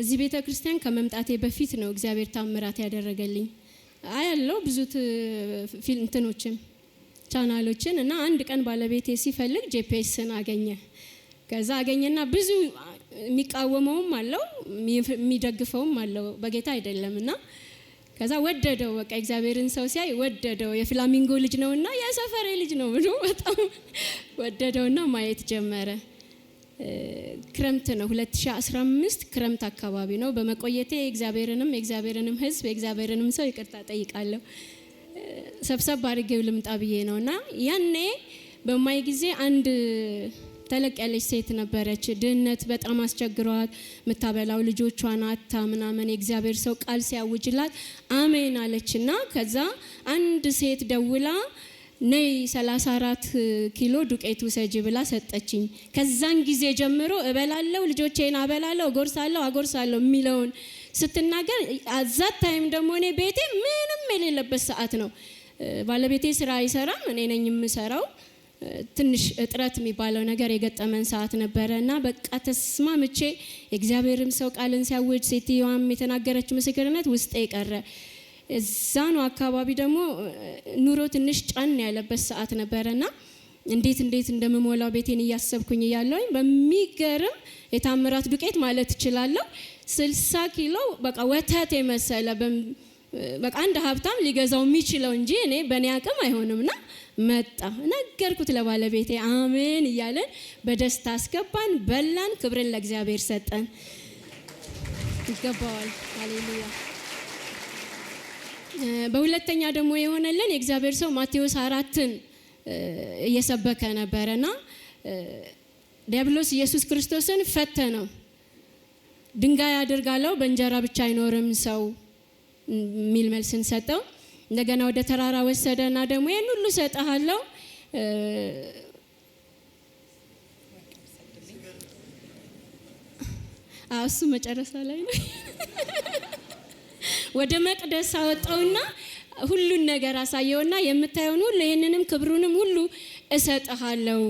እዚህ ቤተ ክርስቲያን ከመምጣቴ በፊት ነው እግዚአብሔር ታምራት ያደረገልኝ። አያለው ብዙ እንትኖችን ቻናሎችን እና አንድ ቀን ባለቤቴ ሲፈልግ ጄፒኤስን አገኘ። ከዛ አገኘና ብዙ የሚቃወመውም አለው የሚደግፈውም አለው በጌታ አይደለም እና ከዛ ወደደው። በቃ እግዚአብሔርን ሰው ሲያይ ወደደው። የፍላሚንጎ ልጅ ነውና የሰፈሬ ልጅ ነው ብሎ በጣም ወደደውና ማየት ጀመረ። ክረምት ነው 2015 ክረምት አካባቢ ነው። በመቆየቴ የእግዚአብሔርንም የእግዚአብሔርንም ሕዝብ የእግዚአብሔርንም ሰው ይቅርታ ጠይቃለሁ። ሰብሰብ አድርጌው ልምጣ ብዬ ነው እና ያኔ በማይ ጊዜ አንድ ተለቅ ያለች ሴት ነበረች። ድህነት በጣም አስቸግሯት የምታበላው ልጆቿ ናታ ምናምን የእግዚአብሔር ሰው ቃል ሲያውጅላት አሜን አለች እና ከዛ አንድ ሴት ደውላ ነይ 34 ኪሎ ዱቄት ውሰጂ ብላ ሰጠችኝ። ከዛን ጊዜ ጀምሮ እበላለሁ፣ ልጆቼን አበላለው፣ ጎርሳለው፣ አጎርሳለው የሚለውን ስትናገር አዛት ታይም ደግሞ እኔ ቤቴ ምንም የሌለበት ሰዓት ነው። ባለቤቴ ስራ አይሰራም፣ እኔ ነኝ የምሰራው። ትንሽ እጥረት የሚባለው ነገር የገጠመን ሰዓት ነበረ እና በቃ ተስማምቼ የእግዚአብሔርም ሰው ቃልን ሲያውጅ ሴትዮዋም የተናገረች ምስክርነት ውስጤ ቀረ። እዛ ነው አካባቢ ደግሞ ኑሮ ትንሽ ጫን ያለበት ሰዓት ነበረና እንዴት እንዴት እንደምሞላው ቤቴን እያሰብኩኝ እያለውኝ በሚገርም የታምራት ዱቄት ማለት እችላለሁ። ስልሳ ኪሎ በቃ ወተት የመሰለ በቃ አንድ ሀብታም ሊገዛው የሚችለው እንጂ እኔ በእኔ አቅም አይሆንምና መጣ። ነገርኩት ለባለቤቴ። አሜን እያለን በደስታ አስገባን፣ በላን፣ ክብርን ለእግዚአብሔር ሰጠን። ይገባዋል። ሃሌሉያ በሁለተኛ ደግሞ የሆነልን የእግዚአብሔር ሰው ማቴዎስ አራትን እየሰበከ ነበረ እና ዲያብሎስ ኢየሱስ ክርስቶስን ፈተነው። ድንጋይ አድርጋለው በእንጀራ ብቻ አይኖርም ሰው የሚል መልስን ሰጠው። እንደገና ወደ ተራራ ወሰደና ደግሞ ይህን ሁሉ ሰጠሃለው እሱ መጨረሻ ላይ ነው ወደ መቅደስ አወጣውና ሁሉን ነገር አሳየውና የምታየውን ሁሉ ይህንንም ክብሩንም ሁሉ እሰጥሃለው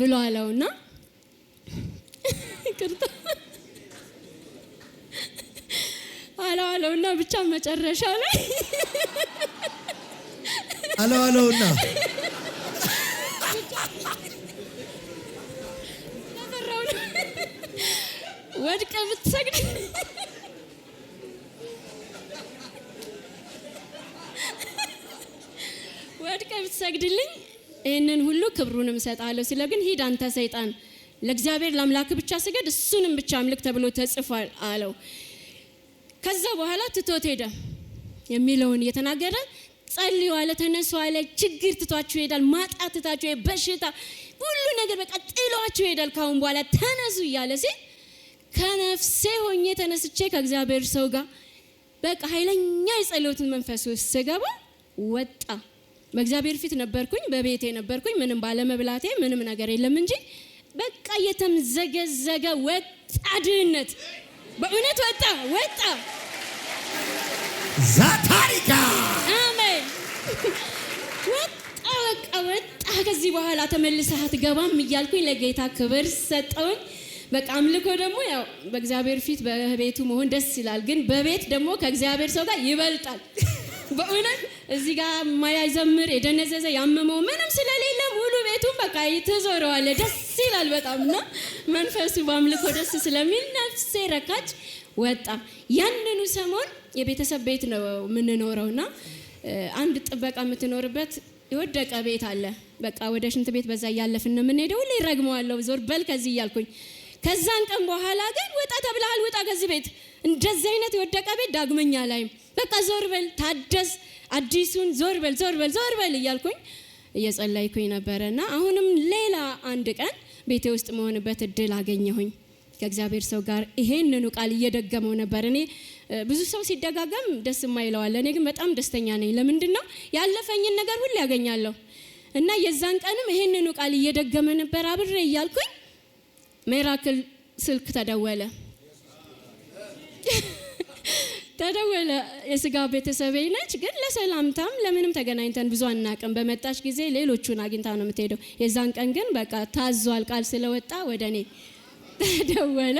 ብሎ አለውና አለዋለውና ብቻ መጨረሻ ላይ አለዋለውና ወድቀ ብትሰግድ ደቂቃ ብትሰግድልኝ ይህንን ሁሉ ክብሩንም እሰጥሃለሁ ሲለው ግን ሂድ አንተ ሰይጣን ለእግዚአብሔር ለአምላክ ብቻ ስገድ፣ እሱንም ብቻ አምልክ ተብሎ ተጽፏል አለው። ከዛ በኋላ ትቶት ሄደ የሚለውን እየተናገረ ጸልዩ አለ፣ ተነሱ አለ። ችግር ትቷችሁ ይሄዳል፣ ማጣት ትታችሁ፣ በሽታ ሁሉ ነገር በቃ ጥሏችሁ ይሄዳል። ካሁን በኋላ ተነሱ እያለ ሲል ከነፍሴ ሆኜ ተነስቼ ከእግዚአብሔር ሰው ጋር በቃ ኃይለኛ የጸሎትን መንፈስ ውስጥ ስገባ ወጣ። በእግዚአብሔር ፊት ነበርኩኝ፣ በቤቴ ነበርኩኝ። ምንም ባለመብላቴ ምንም ነገር የለም እንጂ በቃ የተምዘገዘገ ወጣ ድህነት በእውነት ወጣ ወጣ ዛታሪካ አሜን ወጣ ወጣ ወጣ። ከዚህ በኋላ ተመልሰህ አትገባም እያልኩኝ ለጌታ ክብር ሰጠውኝ። በቃ አምልኮ ደግሞ ያው በእግዚአብሔር ፊት በቤቱ መሆን ደስ ይላል፣ ግን በቤት ደግሞ ከእግዚአብሔር ሰው ጋር ይበልጣል። በእውነት እዚህ ጋር የማያዘምር የደነዘዘ ያመመው ምንም ስለሌለ ሙሉ ቤቱን በቃ ተዞረዋለ። ደስ ይላል በጣም እና መንፈሱ በአምልኮ ደስ ስለሚል ነፍሴ ረካች ወጣ። ያንኑ ሰሞን የቤተሰብ ቤት ነው የምንኖረው የምንኖረውና አንድ ጥበቃ የምትኖርበት የወደቀ ቤት አለ። በቃ ወደ ሽንት ቤት በዛ እያለፍን ነው የምንሄደው። ሁሌ ረግመዋለሁ፣ ዞር በል ከዚህ እያልኩኝ ከዛን ቀን በኋላ ግን ወጣ ተብለሃል፣ ውጣ ከዚህ ቤት። እንደዚህ አይነት የወደቀ ቤት ዳግመኛ ላይም በቃ ዞር በል ታደስ፣ አዲሱን ዞር በል ዞር በል ዞር በል እያልኩኝ እየጸለይኩኝ ነበረ እና አሁንም ሌላ አንድ ቀን ቤቴ ውስጥ መሆንበት እድል አገኘሁኝ። ከእግዚአብሔር ሰው ጋር ይሄንኑ ቃል እየደገመው ነበር። እኔ ብዙ ሰው ሲደጋገም ደስ የማይለዋል፣ እኔ ግን በጣም ደስተኛ ነኝ። ለምንድን ነው ያለፈኝን ነገር ሁሉ ያገኛለሁ። እና የዛን ቀንም ይሄንኑ ቃል እየደገመ ነበር አብሬ እያልኩኝ ሜራክል ስልክ ተደወለ። ተደወለ የስጋ ቤተሰብ ልጅ ግን ለሰላምታም ለምንም ተገናኝተን ብዙ አናቅም። በመጣች ጊዜ ሌሎቹን አግኝታ ነው የምትሄደው። የዛን ቀን ግን በቃ ታዟል፣ ቃል ስለወጣ ወደ እኔ ተደወለ።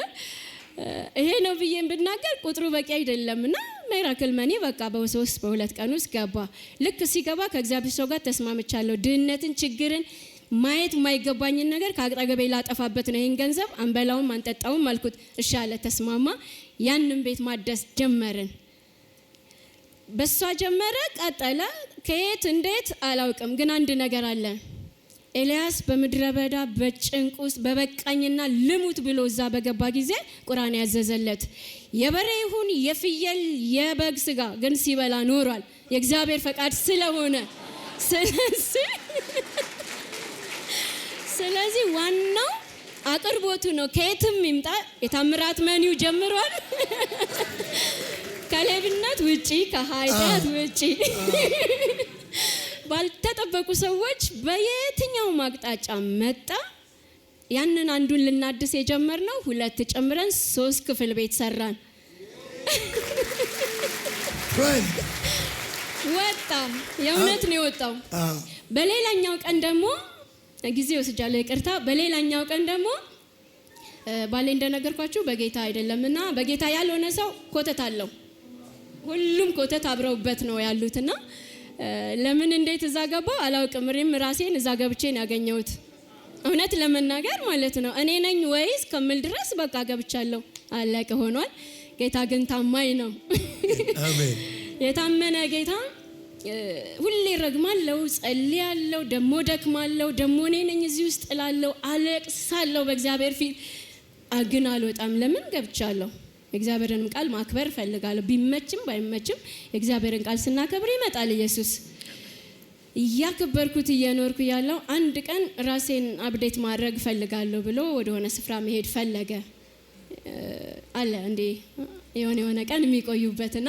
ይሄ ነው ብዬ ብናገር ቁጥሩ በቂ አይደለም እና ሜራክል መኒ በቃ በሶስት በሁለት ቀን ውስጥ ገባ። ልክ ሲገባ ከእግዚአብሔር ሰው ጋር ተስማምቻለሁ። ድህነትን፣ ችግርን ማየት የማይገባኝን ነገር ከአቅራገቤ ላጠፋበት ነው ይህን ገንዘብ አንበላውም አንጠጣውም አልኩት። እሺ አለ፣ ተስማማ። ያንን ቤት ማደስ ጀመርን። በሷ ጀመረ፣ ቀጠለ። ከየት እንዴት አላውቅም፣ ግን አንድ ነገር አለ። ኤልያስ በምድረ በዳ በጭንቅ ውስጥ በበቃኝና ልሙት ብሎ እዛ በገባ ጊዜ ቁራን ያዘዘለት የበሬ ይሁን የፍየል የበግ ስጋ ግን ሲበላ ኖሯል። የእግዚአብሔር ፈቃድ ስለሆነ ስለዚህ ስለዚህ ዋናው አቅርቦቱ ነው። ከየትም ይምጣ የታምራት መኒው ጀምሯል። ከሌብነት ውጪ፣ ከኃጢአት ውጪ ባልተጠበቁ ሰዎች በየትኛውም አቅጣጫ መጣ። ያንን አንዱን ልናድስ የጀመርነው ሁለት ጨምረን ሶስት ክፍል ቤት ሰራን። ወጣ የእውነት ነው የወጣው። በሌላኛው ቀን ደግሞ ጊዜ ወስጃለሁ፣ ይቅርታ። በሌላኛው ቀን ደግሞ ባሌ እንደነገርኳችሁ በጌታ አይደለም እና በጌታ ያልሆነ ሰው ኮተት አለው። ሁሉም ኮተት አብረውበት ነው ያሉትና ለምን እንዴት እዛ ገባው አላውቅም። እኔም ራሴን እዛ ገብቼን ያገኘሁት እውነት ለመናገር ማለት ነው እኔ ነኝ ወይስ ከምል ድረስ በቃ ገብቻለሁ። አለቀ ሆኗል። ጌታ ግን ታማኝ ነው። የታመነ ጌታ ሁሌ ረግማለው ጸልያለሁ፣ ደሞ ደክማለው፣ ደሞ እኔ ነኝ እዚህ ውስጥ እላለው፣ አለቅሳለው በእግዚአብሔር ፊት አግን አልወጣም። ለምን ገብቻለሁ? የእግዚአብሔርንም ቃል ማክበር እፈልጋለሁ። ቢመችም ባይመችም የእግዚአብሔርን ቃል ስናከብር ይመጣል ኢየሱስ። እያከበርኩት እየኖርኩ ያለው አንድ ቀን ራሴን አብዴት ማድረግ እፈልጋለሁ ብሎ ወደሆነ ስፍራ መሄድ ፈለገ አለ እንዴ የሆነ የሆነ ቀን የሚቆዩበትና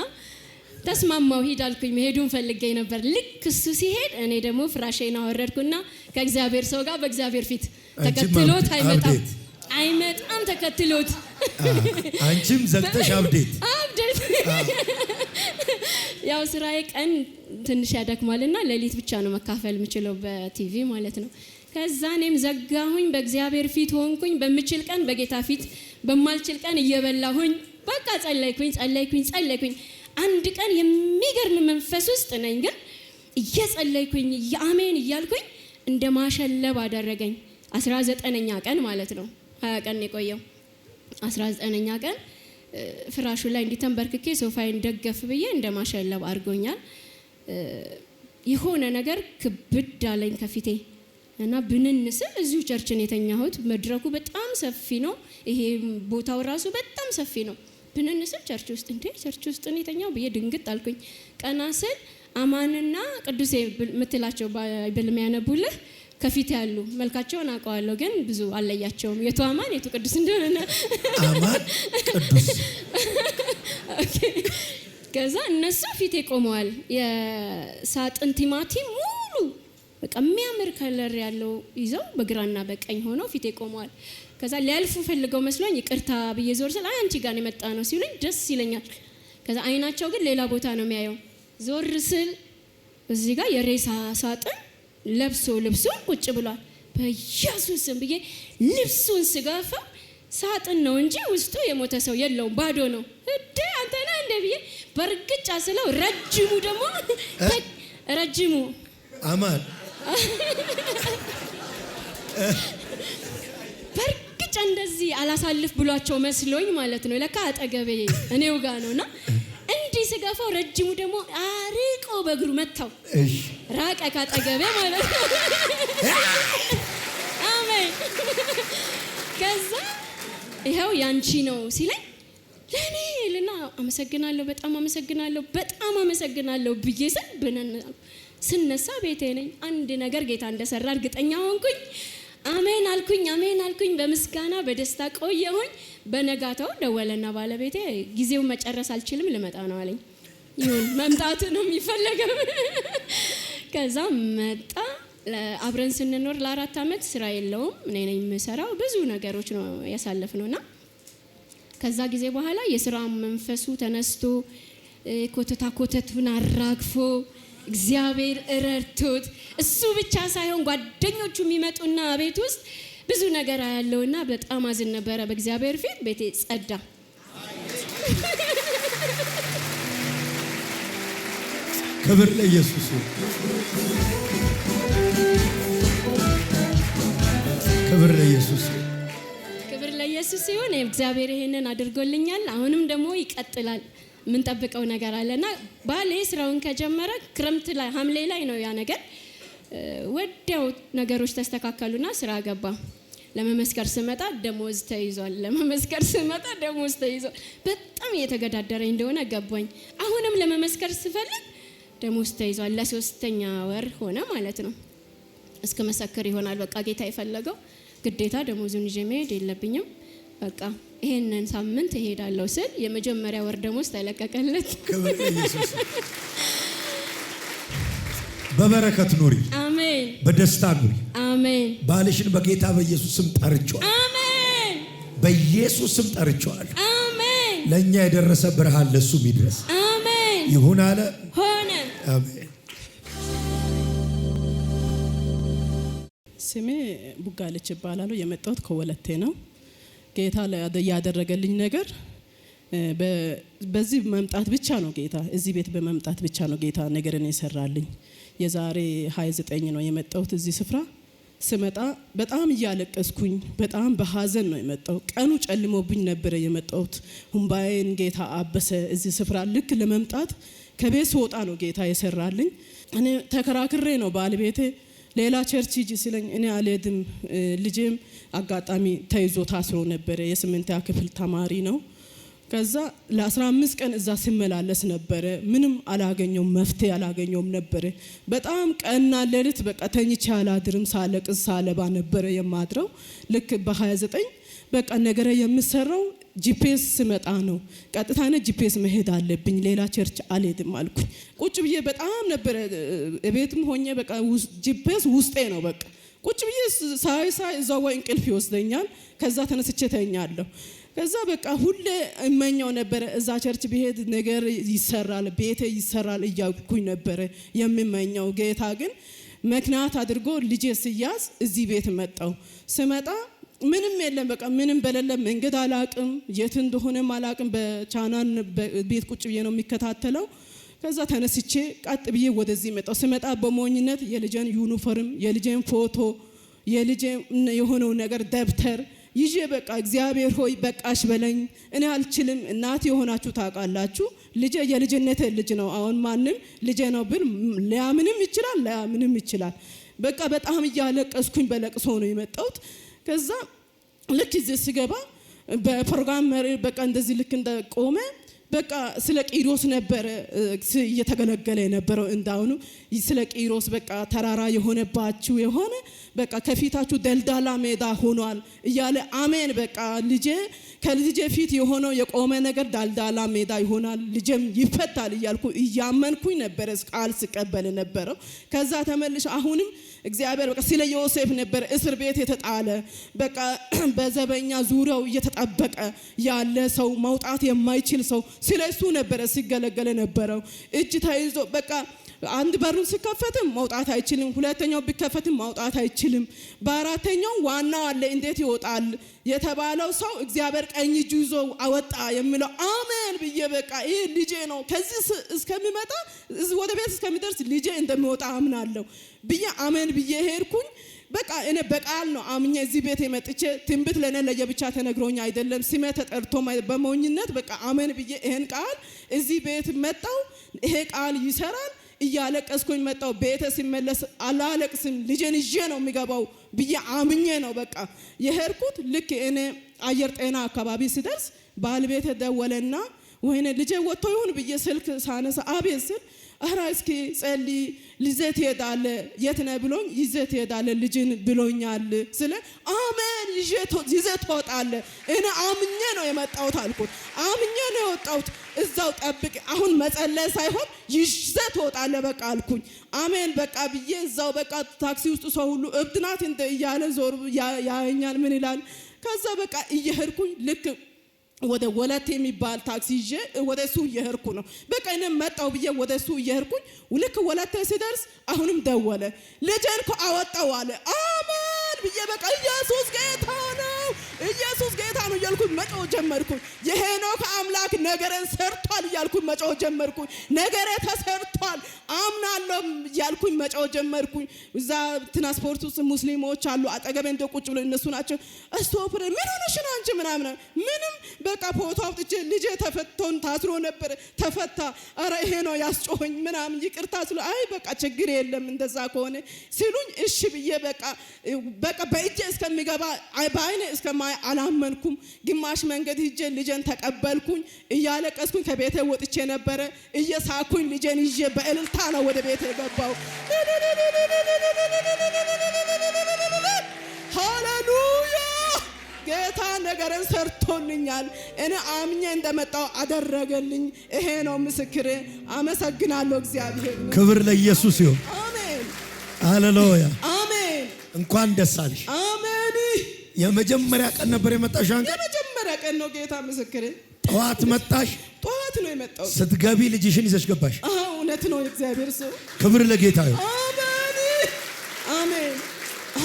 ተስማማው፣ ሂድ መሄዱን ፈልገኝ ነበር። ልክ እሱ ሲሄድ እኔ ደግሞ ፍራሼን አወረድኩና ከእግዚአብሔር ሰው ጋር በእግዚአብሔር ፊት ተከትሎት አይመጣም አይመጣም ተከትሎት አንቺም ዘግተሽ አብዴት አብዴት ያው ስራዬ ቀን ትንሽ ያደክማልና ሌሊት ብቻ ነው መካፈል የምችለው በቲቪ ማለት ነው። ከዛ እኔም ዘጋሁኝ፣ በእግዚአብሔር ፊት ሆንኩኝ። በምችል ቀን በጌታ ፊት፣ በማልችል ቀን እየበላሁኝ በቃ ጸለይኩኝ ጸለይኩኝ ጸለይኩኝ አንድ ቀን የሚገርም መንፈስ ውስጥ ነኝ፣ ግን እየጸለይኩኝ የአሜን እያልኩኝ እንደ ማሸለብ አደረገኝ። አስራ ዘጠነኛ ቀን ማለት ነው። ሀያ ቀን የቆየው አስራ ዘጠነኛ ቀን ፍራሹ ላይ እንዲተንበርክኬ ሶፋዬን ደገፍ ብዬ እንደ ማሸለብ አድርጎኛል። የሆነ ነገር ክብድ አለኝ ከፊቴ እና ብንንስል እዚሁ ቸርችን የተኛሁት መድረኩ በጣም ሰፊ ነው። ይሄ ቦታው ራሱ በጣም ሰፊ ነው። ብንን ስል ቸርች ውስጥ እንዴ ቸርች ውስጥ ነው የተኛው ብዬ ድንግጥ አልኩኝ። ቀና ስል አማንና ቅዱሴ የምትላቸው ባይብል የሚያነቡልህ ከፊት ያሉ መልካቸውን አውቀዋለሁ፣ ግን ብዙ አለያቸውም። የቱ አማን የቱ ቅዱስ እንደሆነ አማን ቅዱስ። ከዛ እነሱ ፊቴ ቆመዋል። የሳጥን ቲማቲም ሙሉ በቃ የሚያምር ከለር ያለው ይዘው በግራና በቀኝ ሆነው ፊቴ ቆመዋል። ከዛ ሊያልፉ ፈልገው መስሎኝ ይቅርታ ብዬ ዞር ስል አንቺ ጋር የመጣ ነው ሲሉኝ ደስ ይለኛል። ከዛ አይናቸው ግን ሌላ ቦታ ነው የሚያየው። ዞር ስል እዚህ ጋር የሬሳ ሳጥን ለብሶ ልብሱን ቁጭ ብሏል። በኢየሱስም ብዬ ልብሱን ስጋፋ ሳጥን ነው እንጂ ውስጡ የሞተ ሰው የለውም፣ ባዶ ነው። እዴ አንተ ነህ እንደ ብዬ በእርግጫ ስለው ረጅሙ ደግሞ ረጅሙ አማን ብቻ እንደዚህ አላሳልፍ ብሏቸው መስሎኝ ማለት ነው። ለካ አጠገቤ እኔው ጋ ነውና እንዲህ ስገፋው ረጅሙ ደግሞ አርቆ በእግሩ መታው። ራቀ ካጠገቤ ማለት ነው። አሜን። ከዛ ይኸው ያንቺ ነው ሲለኝ ለእኔ ልና አመሰግናለሁ፣ በጣም አመሰግናለሁ፣ በጣም አመሰግናለሁ ብዬ ስል ብነን ስነሳ ቤቴ ነኝ። አንድ ነገር ጌታ እንደሰራ እርግጠኛ ሆንኩኝ። አሜን አልኩኝ፣ አሜን አልኩኝ። በምስጋና በደስታ ቆየሁኝ። በነጋታው ደወለና ባለቤቴ ጊዜው መጨረስ አልችልም፣ ልመጣ ነው አለኝ። ይሁን መምጣት ነው የሚፈለገው። ከዛ መጣ። አብረን ስንኖር ለአራት ዓመት ስራ የለውም፣ እኔ ነኝ የምሰራው። ብዙ ነገሮች ነው ያሳለፍነው እና ከዛ ጊዜ በኋላ የስራ መንፈሱ ተነስቶ ኮተታ ኮተቱን አራግፎ እግዚአብሔር ረድቶት እሱ ብቻ ሳይሆን ጓደኞቹ የሚመጡና ቤት ውስጥ ብዙ ነገር ያለውና በጣም አዝን ነበረ። በእግዚአብሔር ፊት ቤቴ ጸዳ። ክብር ለኢየሱስ፣ ክብር ለኢየሱስ፣ ክብር ለኢየሱስ ሲሆን እግዚአብሔር ይሄንን አድርጎልኛል። አሁንም ደግሞ ይቀጥላል። የምንጠብቀው ነገር አለና ባሌ ስራውን ከጀመረ ክረምት ላይ ሐምሌ ላይ ነው ያ ነገር ወዲያው ነገሮች ተስተካከሉና ስራ ገባ። ለመመስከር ስመጣ ደሞዝ ተይዟል። ለመመስከር ስመጣ ደሞዝ ተይዟል። በጣም እየተገዳደረኝ እንደሆነ ገባኝ። አሁንም ለመመስከር ስፈልግ ደሞዝ ተይዟል። ለሶስተኛ ወር ሆነ ማለት ነው። እስከ መሰክር ይሆናል በቃ ጌታ የፈለገው ግዴታ ደሞዙን ይዤ መሄድ የለብኝም። በቃ ይሄንን ሳምንት እሄዳለሁ ስል የመጀመሪያ ወር ደሞዝ ተለቀቀለት። ክብር በበረከት ኑሪ። አሜን። በደስታ ኑሪ። አሜን። ባልሽን በጌታ በኢየሱስ ስም ጠርቸዋል፣ አሜን። በኢየሱስ ስም ጠርቸዋል፣ አሜን። ለእኛ የደረሰ ብርሃን ለሱ ይድረስ። አሜን። ይሁን አለ ሆነ። አሜን። ስሜ ቡጋለች ይባላሉ። የመጣሁት ከወለቴ ነው። ጌታ ያደረገልኝ ነገር በዚህ መምጣት ብቻ ነው ጌታ እዚህ ቤት በመምጣት ብቻ ነው ጌታ ነገርን የሰራልኝ። የዛሬ 29 ነው የመጣሁት እዚህ ስፍራ ስመጣ በጣም እያለቀስኩኝ በጣም በሀዘን ነው የመጣው። ቀኑ ጨልሞብኝ ነበረ የመጣሁት። ሁምባዬን ጌታ አበሰ። እዚህ ስፍራ ልክ ለመምጣት ከቤት ስወጣ ነው ጌታ የሰራልኝ። እኔ ተከራክሬ ነው ባለቤቴ ሌላ ቸርች ሂጂ ሲለኝ እኔ አልሄድም፣ ልጄም አጋጣሚ ተይዞ ታስሮ ነበረ። የስምንተኛ ክፍል ተማሪ ነው። ከዛ ለ15 ቀን እዛ ሲመላለስ ነበረ። ምንም አላገኘውም፣ መፍትሄ አላገኘውም ነበረ። በጣም ቀንና ሌሊት በቃ ተኝቼ አላድርም፣ ሳለቅስ ሳለባ ነበረ የማድረው። ልክ በ29 በቃ ነገረ የምሰራው ጂፒኤስ ስመጣ ነው ቀጥታ ነ ጂፒኤስ መሄድ አለብኝ፣ ሌላ ቸርች አልሄድም አልኩኝ። ቁጭ ብዬ በጣም ነበረ ቤትም ሆኜ በቃ ጂፒኤስ ውስጤ ነው በቃ ቁጭ ብዬ ሳይ ሳይ እዛ ወይ እንቅልፍ ይወስደኛል። ከዛ ተነስቼ ተኛለሁ። ከዛ በቃ ሁሌ እመኛው ነበረ እዛ ቸርች ብሄድ ነገር ይሰራል፣ ቤቴ ይሰራል እያልኩኝ ነበረ የምመኛው። ጌታ ግን ምክንያት አድርጎ ልጄ ስያዝ እዚህ ቤት መጣው ስመጣ ምንም የለም። በቃ ምንም በሌለ መንገድ አላቅም፣ የት እንደሆነም አላቅም። በቻናን ቤት ቁጭ ብዬ ነው የሚከታተለው። ከዛ ተነስቼ ቀጥ ብዬ ወደዚህ መጣው። ስመጣ በሞኝነት የልጄን ዩኒፎርም፣ የልጄን ፎቶ፣ የልጄን የሆነው ነገር ደብተር ይዤ በቃ እግዚአብሔር ሆይ በቃሽ በለኝ፣ እኔ አልችልም። እናት የሆናችሁ ታውቃላችሁ። ልጄ የልጅነት ልጅ ነው። አሁን ማንም ልጄ ነው ብል ሊያምንም ይችላል፣ ላያምንም ይችላል። በቃ በጣም እያለቀስኩኝ በለቅሶ ነው የመጣሁት። ከዛ ልክ ይዜ ስገባ በፕሮግራም መሪ በቃ እንደዚህ ልክ እንደቆመ በቃ ስለ ቂሮስ ነበረ እየተገለገለ የነበረው። እንዳሁኑ ስለ ቂሮስ በቃ ተራራ የሆነባችሁ የሆነ በቃ ከፊታችሁ ደልዳላ ሜዳ ሆኗል እያለ አሜን በቃ ልጄ ከልጄ ፊት የሆነው የቆመ ነገር ዳልዳላ ሜዳ ይሆናል፣ ልጄም ይፈታል እያልኩ እያመንኩኝ ነበረ ቃል ስቀበል ነበረው። ከዛ ተመልሽ አሁንም እግዚአብሔር በቃ ስለ ዮሴፍ ነበር እስር ቤት የተጣለ በቃ በዘበኛ ዙሪያው እየተጠበቀ ያለ ሰው መውጣት የማይችል ሰው ስለ እሱ ነበረ ሲገለገለ ነበረው እጅ ተይዞ በቃ አንድ በሩን ስከፈትም መውጣት አይችልም። ሁለተኛው ቢከፈትም መውጣት አይችልም። በአራተኛው ዋናው አለ እንዴት ይወጣል የተባለው ሰው እግዚአብሔር ቀኝ እጁ ይዞ አወጣ የሚለው አሜን ብዬ በቃ ይህ ልጄ ነው። ከዚህ እስከሚመጣ ወደ ቤት እስከሚደርስ ልጄ እንደሚወጣ አምናለሁ ብዬ አሜን ብዬ ሄድኩኝ። በቃ እኔ በቃል ነው አምኜ እዚህ ቤት የመጥቼ ትንቢት ለእኔ ለየብቻ ተነግሮኝ አይደለም ስሜ ተጠርቶ በሞኝነት በቃ አሜን ብዬ ይህን ቃል እዚህ ቤት መጣው። ይሄ ቃል ይሰራል እያለቀስኩኝ መጣው። ቤተ ሲመለስ አላለቅስም ልጄን ይዤ ነው የሚገባው ብዬ አምኜ ነው በቃ የሄድኩት። ልክ እኔ አየር ጤና አካባቢ ሲደርስ ባለቤቴ ደወለና ወይኔ ልጄ ወጥቶ ይሁን ብዬ ስልክ ሳነሳ አቤት ስል አራ እስኪ ጸልይ ልዜ ትሄዳለ የት ነ ብሎኝ ይዜ ትሄዳለ ልጅን ብሎኛል ስለ አሜን ይዜ ትወጣለ እኔ አምኜ ነው የመጣሁት አልኩት። አምኜ ነው የወጣሁት እዛው ጠብቅ፣ አሁን መጸለይ ሳይሆን ይዘህ ትወጣለህ በቃ አልኩኝ። አሜን በቃ ብዬ እዛው በቃ ታክሲ ውስጥ ሰው ሁሉ እብድ ናት እንደ እያለ ዞር ያኛል ምን ይላል። ከዛ በቃ እየሄድኩኝ ልክ ወደ ወለት የሚባል ታክሲ ይዤ ወደ እሱ እየሄድኩ ነው። በቃ እኔም መጣሁ ብዬ ወደ እሱ እየሄድኩኝ ልክ ወለቴ ሲደርስ አሁንም ደወለ። ልጄን እኮ አወጣው አለ። አሜን ብዬ በቃ ኢየሱስ ጌታ ነው ኢየሱስ ጌታ ነው እያልኩኝ መጮህ ጀመርኩኝ። የሄኖክ አምላክ ነገርን ሰርቷል እያልኩኝ መጮህ ጀመርኩኝ። ነገሬ ተሰርቷል አምናለሁ እያልኩኝ መጮህ ጀመርኩኝ። እዛ ትራንስፖርት ውስጥ ሙስሊሞች አሉ አጠገቤ እንደ ቁጭ ብሎ እነሱ ናቸው እስቶፕር ምን ሆነሽ ነው አንቺ ምናምን ምንም በቃ ፎቶ አውጥቼ ልጄ ተፈቶን ታስሮ ነበር ተፈታ። አረ ይሄ ነው ያስጮኸኝ ምናምን ይቅርታ ስሉ አይ በቃ ችግር የለም እንደዛ ከሆነ ሲሉኝ እሺ ብዬ በቃ በቃ በእጄ እስከሚገባ በአይኔ እስከማ ላይ አላመንኩም። ግማሽ መንገድ ሂጄ ልጄን ተቀበልኩኝ። እያለቀስኩኝ ከቤተ ወጥቼ ነበረ። እየሳኩኝ ልጄን ይዤ በእልልታ ነው ወደ ቤተ የገባው። ሃሌሉያ! ጌታ ነገርን ሰርቶልኛል። እኔ አምኜ እንደመጣው አደረገልኝ። ይሄ ነው ምስክሬ። አመሰግናለሁ እግዚአብሔር። ክብር ለኢየሱስ ይሁን። አሜን። ሃሌሉያ! አሜን። እንኳን ደስ አለሽ። የመጀመሪያ ቀን ነበር የመጣሽ? አንቀ የመጀመሪያ ቀን ነው ጌታ ምስክሬ። ጠዋት መጣሽ? ጠዋት ነው የመጣው። ስትገቢ ልጅሽን ይዘሽ ገባሽ? አዎ እውነት ነው። እግዚአብሔር ሰው ክብር ለጌታ ይሁን። አሜን አሜን።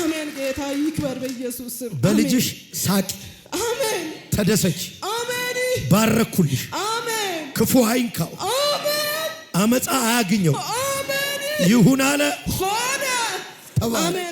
አሜን። ጌታ ይክበር በኢየሱስ ስም። በልጅሽ ሳቂ። አሜን። ተደሰች። አሜን። ባረኩልሽ። አሜን። ክፉ አይንካው። አሜን። አመፃ አያግኘው። አሜን። ይሁን አለ ሆነ። አሜን።